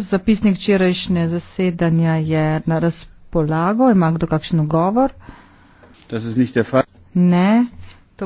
Zapisnik včerajšnje zasedanja je na razpolago. Ima kdo kakšen govor? Ne.